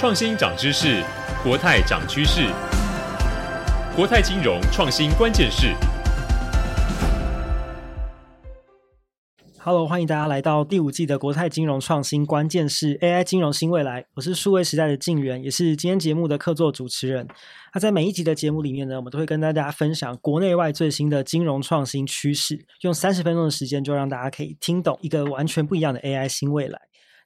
創新漲知識，國泰漲趨勢。國泰金融創新關鍵勢。Hello，歡迎大家來到第五季的國泰金融創新關鍵勢 AI 金融新未來。我是數位時代的敬原，也是今天節目的客座主持人。那、啊、在每一集的節目裡面呢，我們都會跟大家分享國內外最新的金融創新趨勢，用三十分鐘的時間，就讓大家可以聽懂一個完全不一樣的 AI 新未來。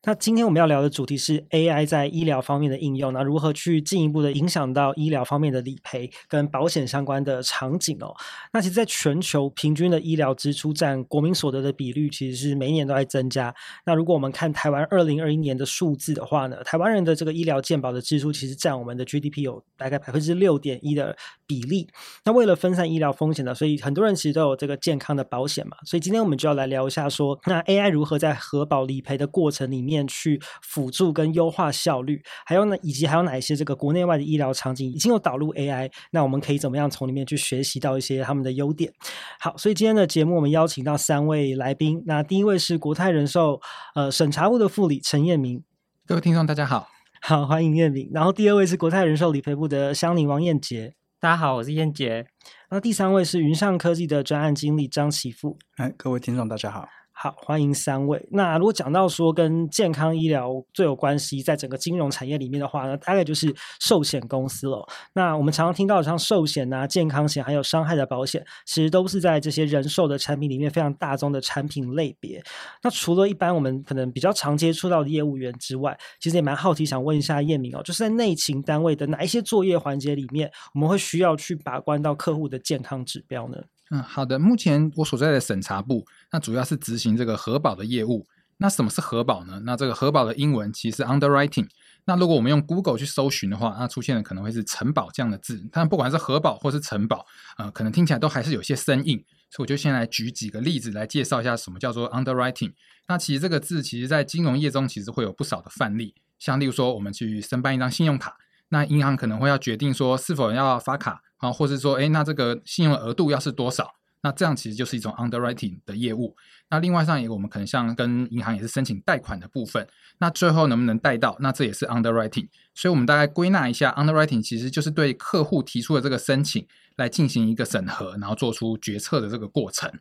那今天我們要聊的主題是 AI 在醫療方面的應用，那如何去進一步的影響到醫療方面的理賠跟保險相關的場景哦？那其實在全球平均的醫療支出佔國民所得的比率，其實是每一年都在增加。那如果我們看台灣二零二一年的數字的話呢，台灣人的這個醫療健保的支出，其實佔我們的 GDP 有大概百分之六點一的比例。那為了分散醫療風險呢，所以很多人其實都有這個健康的保險嘛。所以今天我們就要來聊一下說，那 AI 如何在核保理賠的過程裡面。面去輔助跟優化效率，還有呢，以及還有哪一些這個國內外的醫療場景已經有導入 AI，那我們可以怎麼樣從裡面去學習到一些他們的優點？好，所以今天的節目我們邀請到三位來賓，那第一位是國泰人壽呃審查部的副理陳彥銘。各位聽眾大家好。好，歡迎彥銘。然後第二位是國泰人壽理賠部的襄理王彥杰。大家好，我是彥杰。那第三位是雲象科技的專案經理張期富。哎，各位聽眾大家好。好，歡迎三位。那如果講到說跟健康醫療最有關係，在整個金融產業裡面的話呢，大概就是壽險公司了。那我們常常聽到的像壽險啊、健康險，還有傷害的保險，其實都是在這些人壽的產品裡面非常大宗的產品類別。那除了一般我們可能比較常接觸到的業務員之外，其實也蠻好奇，想問一下彥銘哦，就是在內勤單位的哪一些作業環節裡面，我們會需要去把關到客戶的健康指標呢？嗯，好的。目前我所在的審查部，那主要是執行這個核保的業務。那什麼是核保呢？那這個核保的英文其實是 underwriting。那如果我們用 Google 去搜尋的話，那出現的可能會是城堡這樣的字。但不管是核保或是城堡，呃，可能聽起來都還是有些生硬。所以我就先來舉幾個例子來介紹一下什麼叫做 underwriting。那其實這個字其實在金融業中其實會有不少的範例，像例如說我們去申辦一張信用卡。那銀行可能會要決定說是否要發卡啊，或是說，誒，那這個信用額度要是多少？那這樣其實就是一種 underwriting 的業務。那另外上一個，我們可能像跟銀行也是申請貸款的部分，那最後能不能貸到，那這也是 underwriting。所以，我們大概歸納一下，underwriting 其實就是對客戶提出的這個申請來進行一個審核，然後做出決策的這個過程。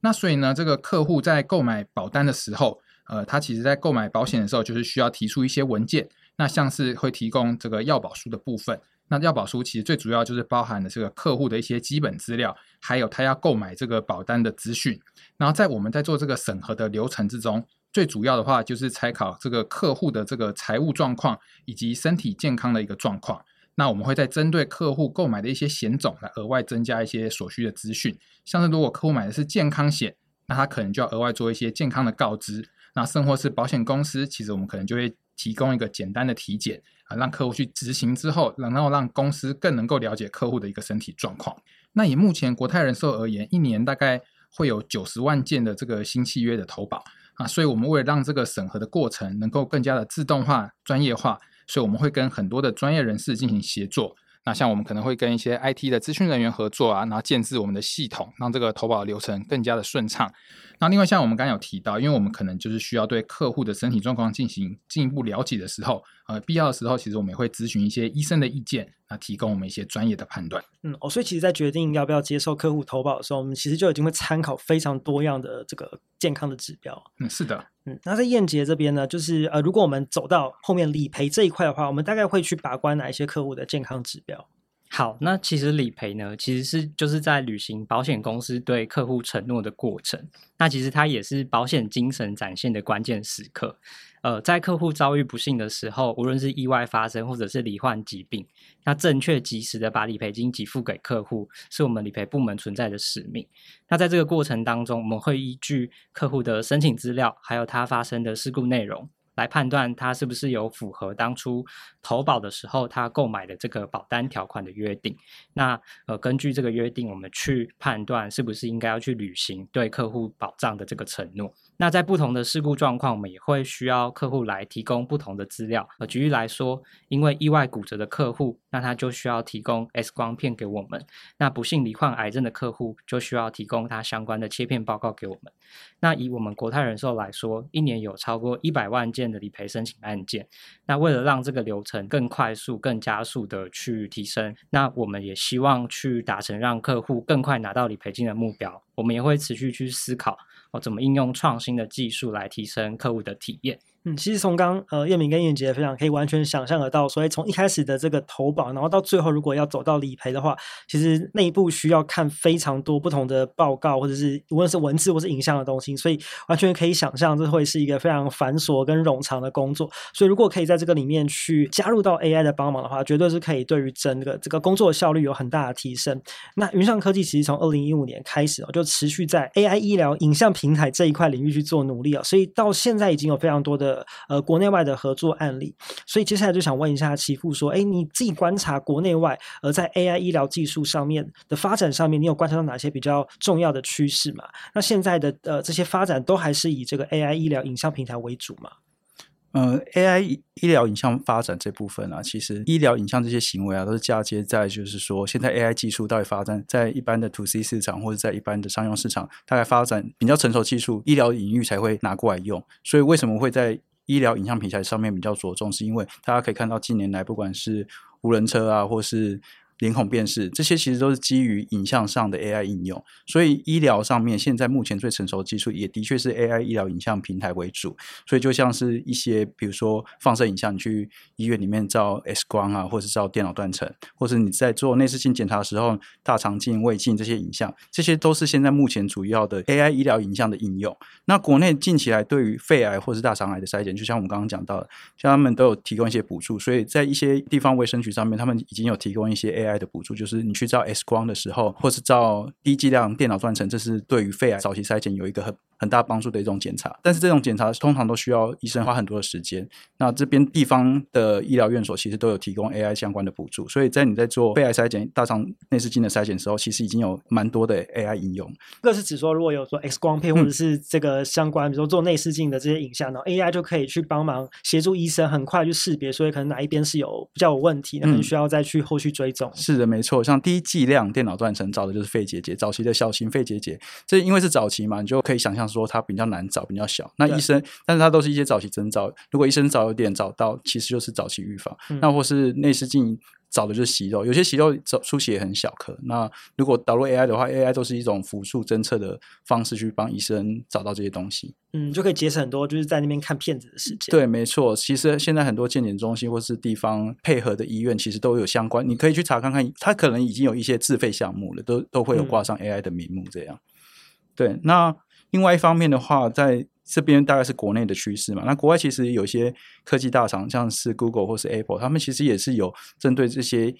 那所以呢，這個客戶在購買保單的時候，呃，他其實在購買保險的時候，就是需要提出一些文件。那像是會提供這個要保書的部分，那要保書其實最主要就是包含了這個客戶的一些基本資料，還有他要購買這個保單的資訊。然後在我們在做這個審核的流程之中，最主要的話就是參考這個客戶的這個財務狀況以及身體健康的一個狀況。那我們會再針對客戶購買的一些險種來額外增加一些所需的資訊，像是如果客戶買的是健康險，那他可能就要額外做一些健康的告知。那甚或是保險公司，其實我們可能就會提供一個簡單的體檢啊，讓客戶去執行之後，然後讓公司更能夠了解客戶的一個身體狀況。那以目前國泰人壽而言，一年大概會有九十萬件的這個新契約的投保啊，所以我們為了讓這個審核的過程能夠更加的自動化、專業化，所以我們會跟很多的專業人士進行協作。那像我們可能會跟一些 IT 的諮詢人員合作啊，然後建置我們的系統，讓這個投保流程更加的順暢。那另外像我們剛剛有提到，因為我們可能就是需要對客戶的身體狀況進行進一步了解的時候。呃，必要的時候，其實我們也會諮詢一些醫生的意見，啊，提供我們一些專業的判斷。嗯，哦，所以其實，在決定要不要接受客戶投保的時候，我們其實就已經會參考非常多樣的這個健康的指標。嗯，是的，嗯，那在彥傑這邊呢，就是呃，如果我們走到後面理賠這一塊的話，我們大概會去把關哪一些客戶的健康指標？好，那其實理賠呢，其實是就是在履行保險公司對客戶承諾的過程。那其實它也是保險精神展現的關鍵時刻。呃，在客戶遭遇不幸的時候，無論是意外發生，或者是罹患疾病，那正確及時的把理賠金給付給客戶，是我們理賠部門存在的使命。那在這個過程當中，我們會依據客戶的申請資料，還有他發生的事故內容，來判斷他是不是有符合當初投保的時候他購買的這個保單條款的約定。那呃，根據這個約定，我們去判斷是不是應該要去履行對客戶保障的這個承諾。那在不同的事故狀況，我們也會需要客戶來提供不同的資料。而舉例來說，因為意外骨折的客戶，那他就需要提供 X 光片給我們；那不幸罹患癌症的客戶，就需要提供他相關的切片報告給我們。那以我們國泰人壽來說，一年有超過一百萬件的理賠申請案件。那為了讓這個流程更快速、更加速的去提升，那我們也希望去達成讓客戶更快拿到理賠金的目標。我們也會持續去思考，我、哦、怎麼應用創新的技術來提升客戶的體驗。嗯，其實從剛，剛呃彥銘跟彥傑的分享，可以完全想象得到，所以從一開始的這個投保，然後到最後如果要走到理賠的話，其實內部需要看非常多不同的報告，或者是無論是文字或是影像的東西，所以完全可以想象這會是一個非常繁瑣跟冗長的工作。所以如果可以在這個裡面去加入到 AI 的幫忙的話，絕對是可以對於整個這個工作效率有很大的提升。那雲象科技其實從二零一五年開始哦，就持續在 AI 醫療影像平台這一塊領域去做努力哦，所以到現在已經有非常多的。呃，國內外的合作案例，所以接下來就想問一下期富說，誒，你自己觀察國內外，而、呃、在 AI 醫療技術上面的發展上面，你有觀察到哪些比較重要的趨勢嗎？那現在的呃這些發展都還是以這個 AI 醫療影像平台為主嗎？呃、嗯，AI 醫療影像發展這部分啊，其實醫療影像這些行為啊，都是嫁接在就是說，現在 AI 技術到底發展在一般的 To C 市場或者在一般的商用市場，大概發展比較成熟技術，醫療領域才會拿過來用。所以為什麼會在醫療影像平台上面比較着重？是因為大家可以看到近年來不管是無人車啊，或是臉孔辨識這些其實都是基於影像上的 AI 應用，所以醫療上面現在目前最成熟的技術也的確是 AI 醫療影像平台為主。所以就像是一些比如說放射影像，你去醫院裡面照 X 光啊，或者是照電腦斷層，或是你在做內視鏡檢查的時候，大腸鏡、胃鏡這些影像，這些都是現在目前主要的 AI 醫療影像的應用。那國內近期來對於肺癌或是大腸癌的篩檢，就像我們剛剛講到的，像他們都有提供一些補助，所以在一些地方衛生局上面，他們已經有提供一些 AI。的補助，就是你去照 X 光的時候，或是照低劑量電腦斷層，這是對於肺癌早期篩檢有一個很很大幫助的一種檢查，但是這種檢查通常都需要醫生花很多的時間。那這邊地方的醫療院所其實都有提供 AI 相關的補助，所以在你在做肺癌篩檢、大腸內視鏡的篩檢時候，其實已經有蠻多的 AI 應用。這個是指說，如果有做 X 光片，或者是這個相關，嗯、比如說做內視鏡的這些影像，然後 AI 就可以去幫忙協助醫生，很快去識別，所以可能哪一邊是有比較有問題，那、嗯、可能需要再去後續追蹤。是的，沒錯。像低劑量電腦斷層找的就是肺結節，早期的小型肺結節，這因為是早期嘛，你就可以想象。說它比較難找，比較小。那醫生，對但是它都是一些早期徵兆。如果醫生早一點找到，其實就是早期預防。嗯、那或是內視鏡找的就是息肉，有些息肉出血很小顆。那如果導入 AI 的話，AI 都是一種輔助偵測的方式，去幫醫生找到這些東西。嗯，就可以節省很多就是在那邊看片子的時間。對，沒錯。其實現在很多健檢中心或是地方配合的醫院，其實都有相關。你可以去查看看，它可能已經有一些自費項目了，都都會有掛上 AI 的名目。這樣，嗯、對，那。另外一方面的話，在這邊大概是國內的趨勢嘛。那國外其實有些科技大廠，像是 Google 或是 Apple，他們其實也是有針對這些。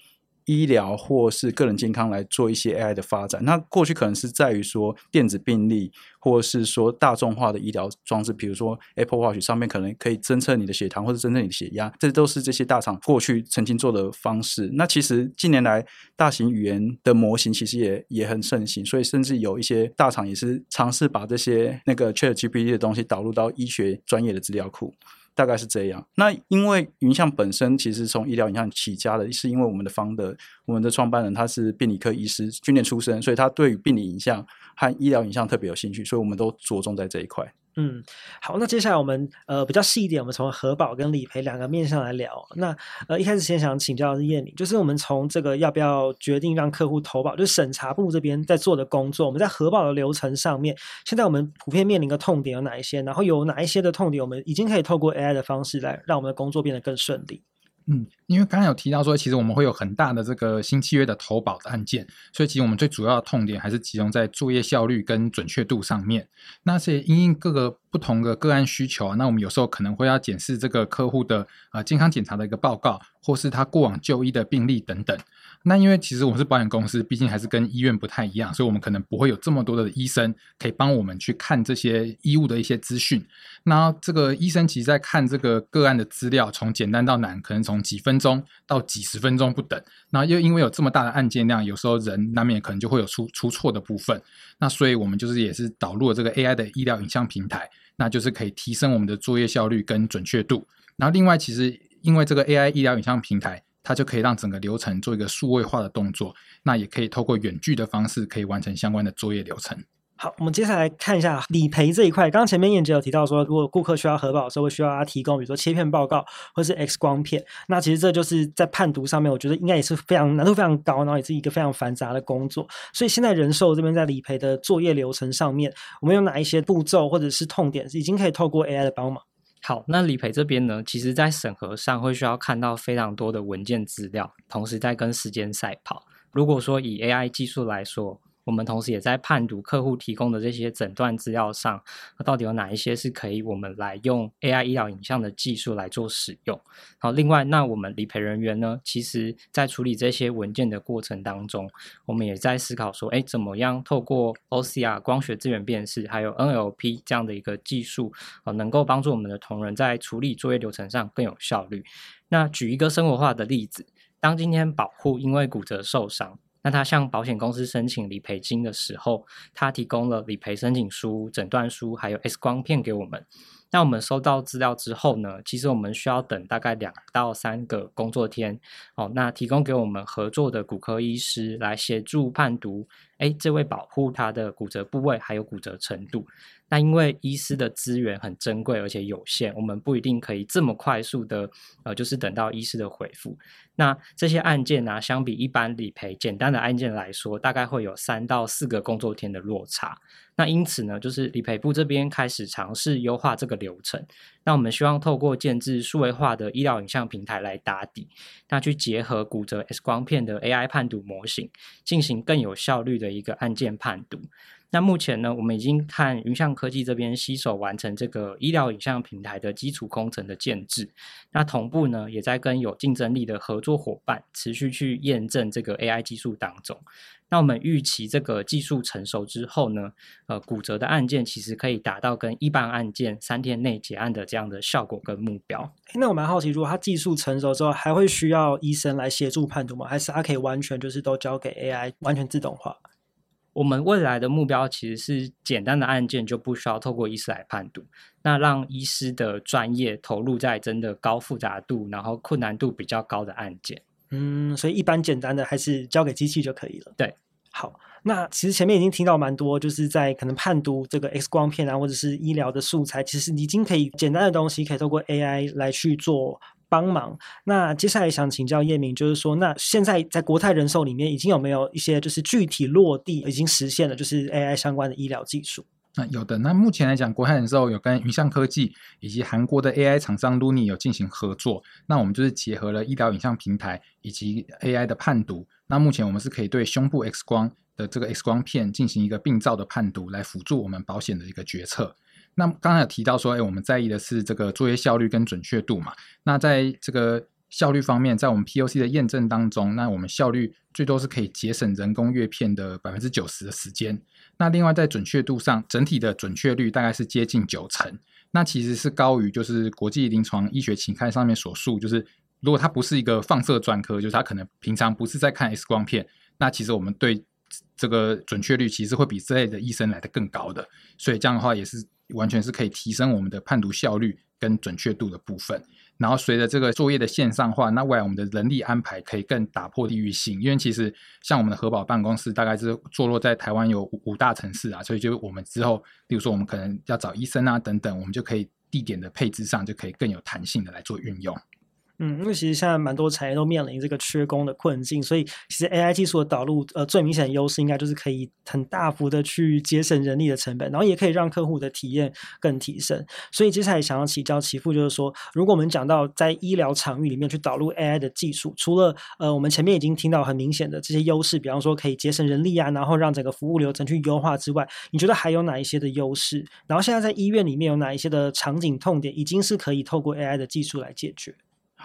醫療或是個人健康來做一些 AI 的發展，那過去可能是在於說電子病歷，或是說大眾化的醫療裝置，比如說 Apple Watch 上面可能可以偵測你的血糖或者偵測你的血壓，這都是這些大廠過去曾經做的方式。那其實近年來大型語言的模型其實也也很盛行，所以甚至有一些大廠也是嘗試把這些那個 ChatGPT 的東西導入到醫學專業的資料庫。大概是這樣。那因為雲象本身其實從醫療影像起家的，是因為我們的 Founder、er, 我們的創辦人他是病理科醫師訓練出身，所以他對於病理影像和醫療影像特別有興趣，所以我們都着重在這一塊。嗯，好，那接下來我們呃比較細一點，我們從核保跟理賠兩個面向來聊。那呃一開始先想請教的是彥銘，就是我們從這個要不要決定讓客戶投保，就是審查部這邊在做的工作，我們在核保的流程上面，現在我們普遍面臨的痛點有哪一些？然後有哪一些的痛點，我們已經可以透過 AI 的方式來讓我們的工作變得更順利。嗯，因為剛才有提到說，其實我們會有很大的這個新契約的投保的案件，所以其實我們最主要的痛點還是集中在作業效率跟準確度上面。那些因應各個不同的個案需求啊，那我們有時候可能會要檢視這個客戶的呃健康檢查的一個報告，或是他過往就醫的病歷。等等。那因為其實我們是保險公司，畢竟還是跟醫院不太一樣，所以我們可能不會有這麼多的醫生可以幫我們去看這些醫務的一些資訊。那這個醫生其實，在看這個個案的資料，從簡單到難，可能從幾分鐘到幾十分鐘不等。然後又因為有這麼大的案件量，有時候人難免可能就會有出出錯的部分。那所以我們就是也是導入了這個 AI 的醫療影像平台，那就是可以提升我們的作業效率跟準確度。然後另外，其實因為這個 AI 醫療影像平台。它就可以讓整個流程做一個數位化的動作，那也可以透過遠距的方式可以完成相關的作業流程。好，我們接下來來看一下理賠這一塊。剛剛前面燕姐有提到說，如果顧客需要核保的時候，我需要他提供比如說切片報告或是 X 光片，那其實這就是在判讀上面，我覺得應該也是非常難度非常高，然後也是一個非常繁雜的工作。所以現在人壽這邊在理賠的作業流程上面，我們有哪一些步驟或者是痛點，是已經可以透過 AI 的幫忙？好，那理賠這邊呢，其實在審核上會需要看到非常多的文件資料，同時在跟時間賽跑。如果說以 AI 技術來說，我們同時也在判讀客戶提供的這些診斷資料上，到底有哪一些是可以我們來用 AI 醫療影像的技術來做使用。好，另外那我們理賠人員呢，其實在處理這些文件的過程當中，我們也在思考說，哎，怎麼樣透過 OCR 光學字元辨識，還有 NLP 這樣的一個技術，哦，能夠幫助我們的同仁在處理作業流程上更有效率。那舉一個生活化的例子，當今天保戶因為骨折受傷。那他向保險公司申請理賠金的時候，他提供了理賠申請書、診斷書，還有 X 光片給我們。那我們收到資料之後呢，其實我們需要等大概兩到三個工作天。哦，那提供給我們合作的骨科醫師來協助判讀。哎，這位保護他的骨折部位還有骨折程度。那因為醫師的資源很珍貴而且有限，我們不一定可以這麼快速的，呃，就是等到醫師的回復。那這些案件呢、啊，相比一般理賠簡單的案件來說，大概會有三到四個工作天的落差。那因此呢，就是理賠部這邊開始嘗試優化這個流程。那我們希望透過建置數位化的醫療影像平台來打底，那去結合骨折 X 光片的 AI 判讀模型，進行更有效率的一個案件判讀。那目前呢，我們已經看雲象科技這邊攜手完成這個醫療影像平台的基礎工程的建置。那同步呢，也在跟有競爭力的合作夥伴持續去驗證這個 AI 技術當中。那我們預期這個技術成熟之後呢，呃，骨折的案件其實可以達到跟一般案件三天內結案的這樣的效果跟目標。那我蠻好奇，如果它技術成熟之後，還會需要醫生來協助判斷嗎？還是它可以完全就是都交給 AI，完全自動化？我們未來的目標其實是簡單的案件就不需要透過醫師來判讀，那讓醫師的專業投入在真的高複雜度，然後困難度比較高的案件。嗯，所以一般簡單的還是交給機器就可以了。對，好，那其實前面已經聽到蠻多，就是在可能判讀這個 X 光片啊，或者是醫療的素材，其實已經可以簡單的東西可以透過 AI 來去做。幫忙。那接下來想請教彥銘，就是說，那現在在國泰人壽裡面，已經有沒有一些就是具體落地，已經實現了就是 AI 相關的醫療技術？那有的。那目前來講，國泰人壽有跟雲象科技以及韓國的 AI 廠商 Lunit 有進行合作。那我們就是結合了醫療影像平台以及 AI 的判讀。那目前我們是可以對胸部 X 光的這個 X 光片進行一個病灶的判讀，來輔助我們保險的一個決策。那剛才有提到說，哎，我們在意的是這個作業效率跟準確度嘛。那在這個效率方面，在我們 POC 的驗證當中，那我們效率最多是可以節省人工閱片的百分之九十的時間。那另外在準確度上，整體的準確率大概是接近九成。那其實是高於就是國際臨床醫學期刊上面所述，就是如果它不是一個放射專科，就是它可能平常不是在看 X 光片，那其實我們對這個準確率其實會比這類的醫生來得更高的。所以這樣的話也是，完全是可以提升我們的判讀效率跟準確度的部分。然後隨着這個作業的線上化，那未來我們的人力安排可以更打破地域性，因為其實像我們的核保辦公室大概是坐落在台灣有五大城市啊，所以就我們之後，例如說我們可能要找醫生啊等等，我們就可以地點的配置上就可以更有彈性的來做運用。嗯，因為其實現在蠻多產業都面臨這個缺工的困境，所以其實 AI 技術的導入，呃，最明顯的優勢應該就是可以很大幅的去節省人力的成本，然後也可以讓客戶的體驗更提升。所以接下來想要請教期富，就是說，如果我們講到在醫療場域裡面去導入 AI 的技術，除了呃，我們前面已經聽到很明顯的這些優勢，比方說可以節省人力啊，然後讓整個服務流程去優化之外，你覺得還有哪一些的優勢？然後現在在醫院裡面有哪一些的場景痛點，已經是可以透過 AI 的技術來解決？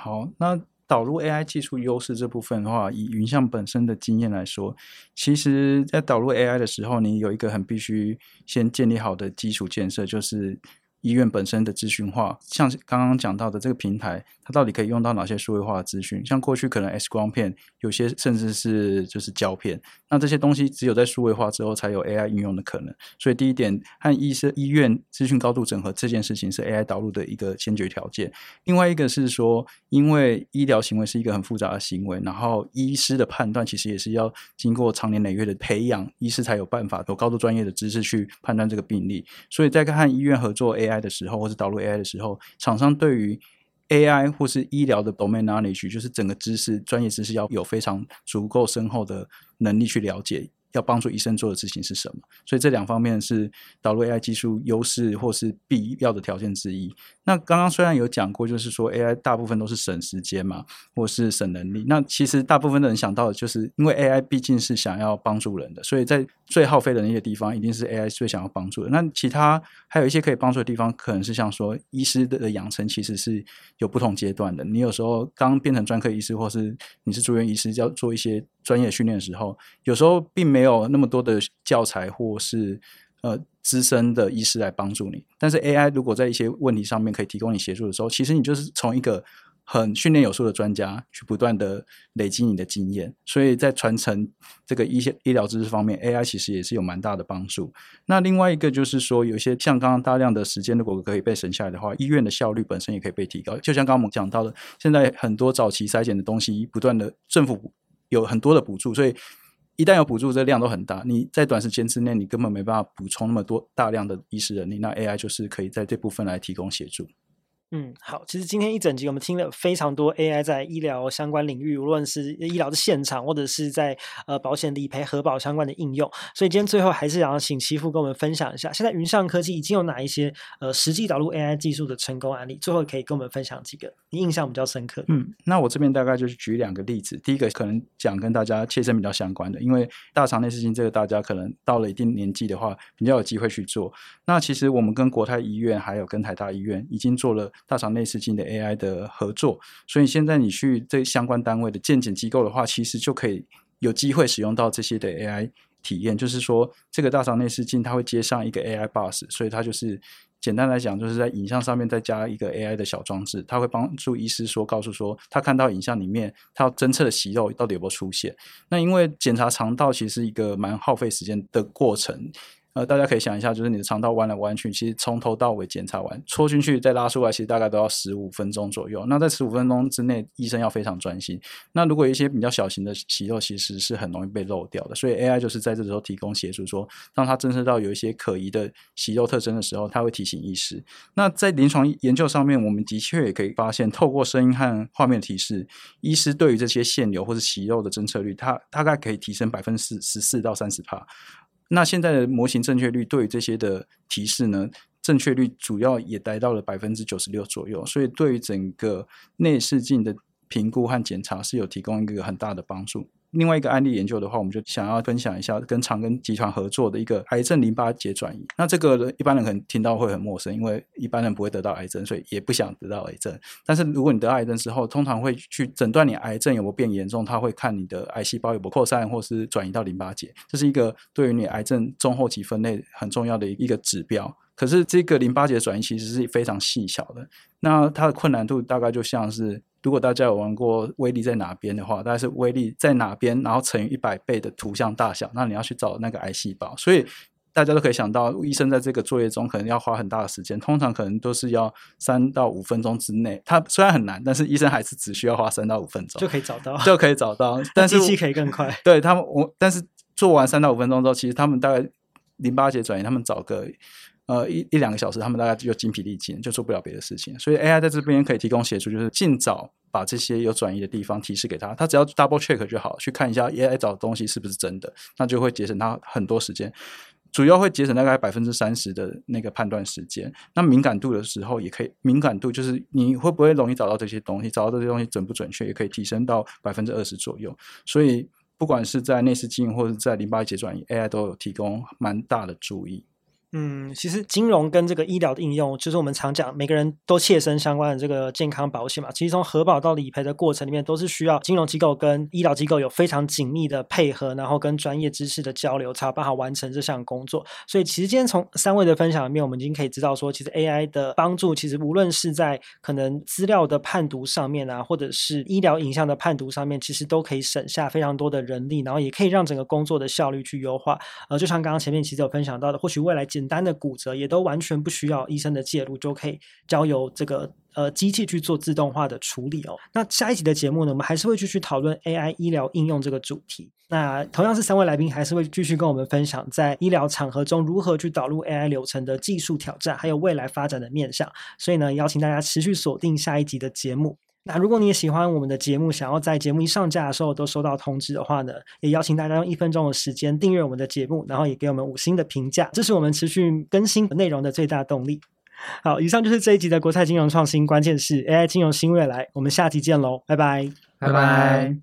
好，那導入 AI 技術優勢這部分的話，以雲象本身的經驗來說，其實在導入 AI 的時候，你有一個很必須先建立好的基礎建設，就是，醫院本身的資訊化，像剛剛講到的這個平台，它到底可以用到哪些數位化的資訊？像過去可能 X 光片，有些甚至是就是膠片，那這些東西只有在數位化之後，才有 AI 應用的可能。所以第一點，和醫生、醫院資訊高度整合這件事情，是 AI 導入的一個先決條件。另外一個是說，因為醫療行為是一個很複雜的行為，然後醫師的判斷其實也是要經過長年累月的培養，醫師才有辦法有高度專業的知識去判斷這個病例。所以再看和醫院合作 AI。AI 的時候，或是導入 AI 的時候，廠商對於 AI 或是醫療的 domain knowledge，就是整個知識、專業知識，要有非常足夠深厚的能力去了解。要幫助醫生做的事情是什麼？所以這兩方面是導入 AI 技術優勢或是必要的條件之一。那剛剛雖然有講過，就是說 AI 大部分都是省時間嘛，或是省能力。那其實大部分的人想到的就是，因為 AI 畢竟是想要幫助人的，所以在最耗費的那些地方，一定是 AI 最想要幫助的。那其他還有一些可以幫助的地方，可能是像說醫師的養成，其實是有不同階段的。你有時候剛變成專科醫師，或是你是住院醫師，要做一些專業訓練的時候，有時候並沒有那麼多的教材或是呃資深的醫師來幫助你。但是 AI 如果在一些問題上面可以提供你協助的時候，其實你就是從一個很訓練有素的專家去不斷的累積你的經驗。所以在傳承這個醫些醫療知識方面，AI 其實也是有蠻大的幫助。那另外一個就是說，有些像剛剛大量的時間如果可以被省下來的話，醫院的效率本身也可以被提高。就像剛剛我們講到的，現在很多早期篩檢的東西不斷的政府，有很多的補助，所以一旦有補助，這量都很大。你在短時間之內，你根本沒辦法補充那麼多大量的醫師人力，那 AI 就是可以在這部分來提供協助。嗯，好，其實今天一整集我們聽了非常多 AI 在醫療相關領域，無論是醫療的現場，或者是在呃保險理賠核保相關的應用。所以今天最後還是想要請期富跟我們分享一下，現在雲象科技已經有哪一些呃實際導入 AI 技術的成功案例？最後可以跟我們分享幾個你印象比較深刻。嗯，那我這邊大概就是舉兩個例子，第一個可能講跟大家切身比較相關的，因為大腸內視鏡，這個大家可能到了一定年紀的話，比較有機會去做。那其實我們跟國泰醫院還有跟台大醫院已經做了。大腸內視鏡的 AI 的合作，所以現在你去這相關單位的鑑檢健檢機構的話，其實就可以有機會使用到這些的 AI 體驗。就是說，這個大腸內視鏡它會接上一個 AI bus，所以它就是簡單來講，就是在影像上面再加一個 AI 的小裝置，它會幫助醫師說，告訴說他看到影像裡面，它要偵測的息肉到底有沒有出現。那因為檢查腸道其實是一個蠻耗費時間的過程。呃，大家可以想一下，就是你的腸道彎來彎去，其實從頭到尾檢查完，戳進去再拉出來，其實大概都要十五分鐘左右。那在十五分鐘之內，醫生要非常專心。那如果有一些比較小型的息肉，其實是很容易被漏掉的。所以 AI 就是在這時候提供協助說，說當它偵測到有一些可疑的息肉特徵的時候，它會提醒醫師。那在臨床研究上面，我們的確也可以發現，透過聲音和畫面提示，醫師對於這些腺瘤或是息肉的偵測率，它大概可以提升百分之十四到三十趴。那現在的模型正確率對於這些的提示呢，正確率主要也達到了百分之九十六左右，所以對於整個內視鏡的。評估和檢查是有提供一個很大的幫助。另外一個案例研究的話，我們就想要分享一下跟長庚集團合作的一個癌症淋巴結轉移。那這個一般人可能聽到會很陌生，因為一般人不會得到癌症，所以也不想得到癌症。但是如果你得到癌症之後，通常會去診斷你癌症有沒有變嚴重，它會看你的癌細胞有沒有擴散或是轉移到淋巴結，這是一個對於你癌症中後期分類很重要的一個指標。可是這個淋巴結轉移其實是非常細小的，那它的困難度大概就像是。如果大家有玩過威力在哪邊的話，大概是威力在哪邊，然後乘以一百倍的圖像大小，那你要去找那個癌細胞。所以大家都可以想到，醫生在這個作業中可能要花很大的時間，通常可能都是要三到五分鐘之內。他雖然很難，但是醫生還是只需要花三到五分鐘就可以找到，就可以找到。 但是機器可以更快。對他們，我但是做完三到五分鐘之後，其實他們大概淋巴結轉移，他們找個。呃，一一兩個小時，他們大概就精疲力盡，就做不了別的事情。所以 AI 在這邊可以提供協助，就是盡早把這些有轉移的地方提示給他，他只要 double check 就好，去看一下 AI 找的東西是不是真的，那就會節省他很多時間，主要會節省大概百分之三十的那個判斷時間。那敏感度的時候也可以，敏感度就是你會不會容易找到這些東西，找到這些東西準不準確，也可以提升到百分之二十左右。所以不管是在內視鏡或者在淋巴結轉移，AI 都有提供蠻大的注意。嗯，其實金融跟這個醫療的應用，就是我們常講，每個人都切身相關的這個健康保險嘛。其實從核保到理賠的過程裡面，都是需要金融機構跟醫療機構有非常緊密的配合，然後跟專業知識的交流，才有辦法完成這項工作。所以其實今天從三位的分享裡面，我們已經可以知道說，其實 AI 的幫助，其實無論是在可能資料的判讀上面啊，或者是醫療影像的判讀上面，其實都可以省下非常多的人力，然後也可以讓整個工作的效率去優化。呃，就像剛剛前面其實有分享到的，或許未來。簡單的骨折也都完全不需要醫生的介入，就可以交由這個呃機器去做自動化的處理哦。那下一集的節目呢，我們還是會繼續討論 AI 醫療應用這個主題。那同樣是三位來賓，還是會繼續跟我們分享在醫療場合中如何去導入 AI 流程的技術挑戰，還有未來發展的面向。所以呢，邀請大家持續鎖定下一集的節目。那如果你也喜歡我們的節目，想要在節目一上架的時候都收到通知的話呢，也邀請大家用一分鐘的時間訂閱我們的節目，然後也給我們五星的評價，這是我們持續更新內容的最大動力。好，以上就是這一集的國泰金融創新，關鍵勢 AI 金融新未來，我們下期見嘍，拜拜，拜拜。